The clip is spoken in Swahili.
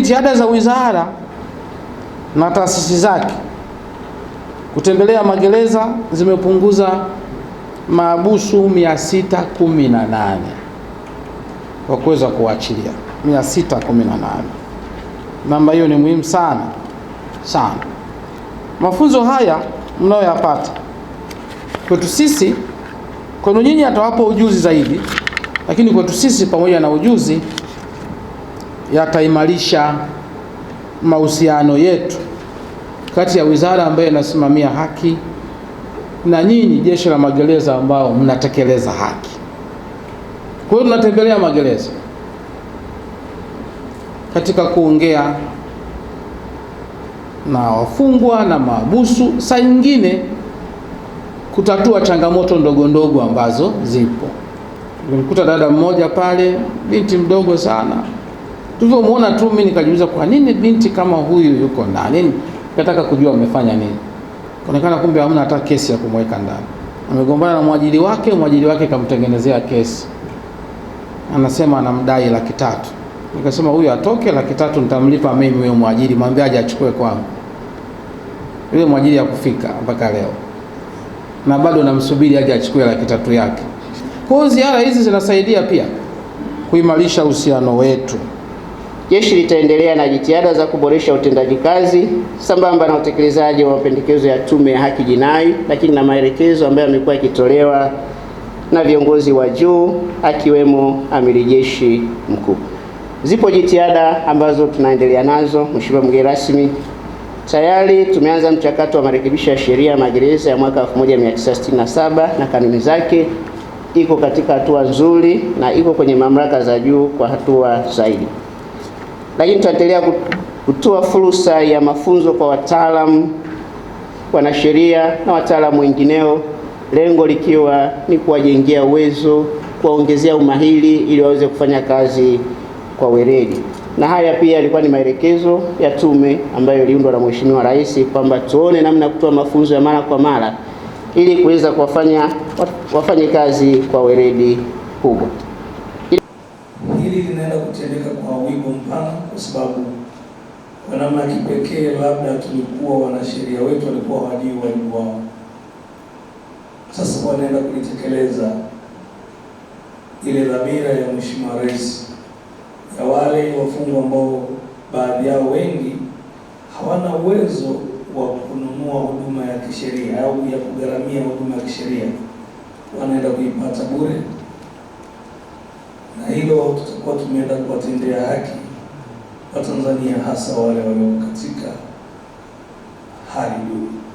jitihada za wizara na taasisi zake kutembelea magereza zimepunguza maabusu 618 kwa kuweza kuachilia 618. Namba hiyo ni muhimu sana sana. Mafunzo haya mnayoyapata kwetu sisi, kwenu nyinyi atawapa ujuzi zaidi, lakini kwetu sisi pamoja na ujuzi yataimarisha mahusiano yetu kati ya wizara ambayo inasimamia haki na nyinyi jeshi la magereza ambao mnatekeleza haki. Kwa hiyo tunatembelea magereza katika kuongea na wafungwa na maabusu, saa nyingine kutatua changamoto ndogo ndogo ambazo zipo. Nilikuta dada mmoja pale, binti mdogo sana Tulivyomwona tu mimi nikajiuliza, kwa nini binti kama huyu yuko ndani? Yaani nikataka kujua amefanya nini. Kaonekana kumbe hamna hata kesi ya kumweka ndani, amegombana na mwajili wake, mwajili wake kamtengenezea kesi, anasema anamdai laki tatu. Nikasema huyu atoke, laki tatu nitamlipa mimi huyo mwajili, mwambie aje achukue kwangu. Yule mwajili hakufika mpaka leo, na bado namsubiri aje achukue laki tatu yake. Kwa hiyo ziara hizi zinasaidia pia kuimarisha uhusiano wetu. Jeshi litaendelea na jitihada za kuboresha utendaji kazi sambamba na utekelezaji wa mapendekezo ya Tume ya Haki Jinai, lakini na maelekezo ambayo yamekuwa yakitolewa na viongozi wa juu akiwemo Amiri Jeshi Mkuu. Zipo jitihada ambazo tunaendelea nazo, Mheshimiwa mgeni rasmi. Tayari tumeanza mchakato wa marekebisho ya sheria ya magereza ya mwaka 1967 na kanuni zake, iko katika hatua nzuri na iko kwenye mamlaka za juu kwa hatua zaidi lakini tutaendelea kutoa fursa ya mafunzo kwa wataalamu, wanasheria na wataalamu wengineo, lengo likiwa ni kuwajengea uwezo, kuwaongezea umahiri ili waweze kufanya kazi kwa weledi. Na haya pia yalikuwa ni maelekezo ya tume ambayo iliundwa na Mheshimiwa Rais kwamba tuone namna ya kutoa mafunzo ya mara kwa mara ili kuweza kuwafanya wafanye kazi kwa weledi kubwa kutendeka kwa wigo mpana, kwa sababu kwa namna kipekee labda tulikuwa wanasheria wetu walikuwa hawajui wajibu wao, sasa wanaenda kulitekeleza ile dhamira ya Mheshimiwa Rais ya wale wafungwa ambao baadhi yao wengi hawana uwezo wa kununua huduma ya kisheria au ya kugharamia huduma ya kisheria, wanaenda kuipata bure na hilo tutakuwa tumeenda kuwatendea haki Watanzania hasa wale walio katika hali duni.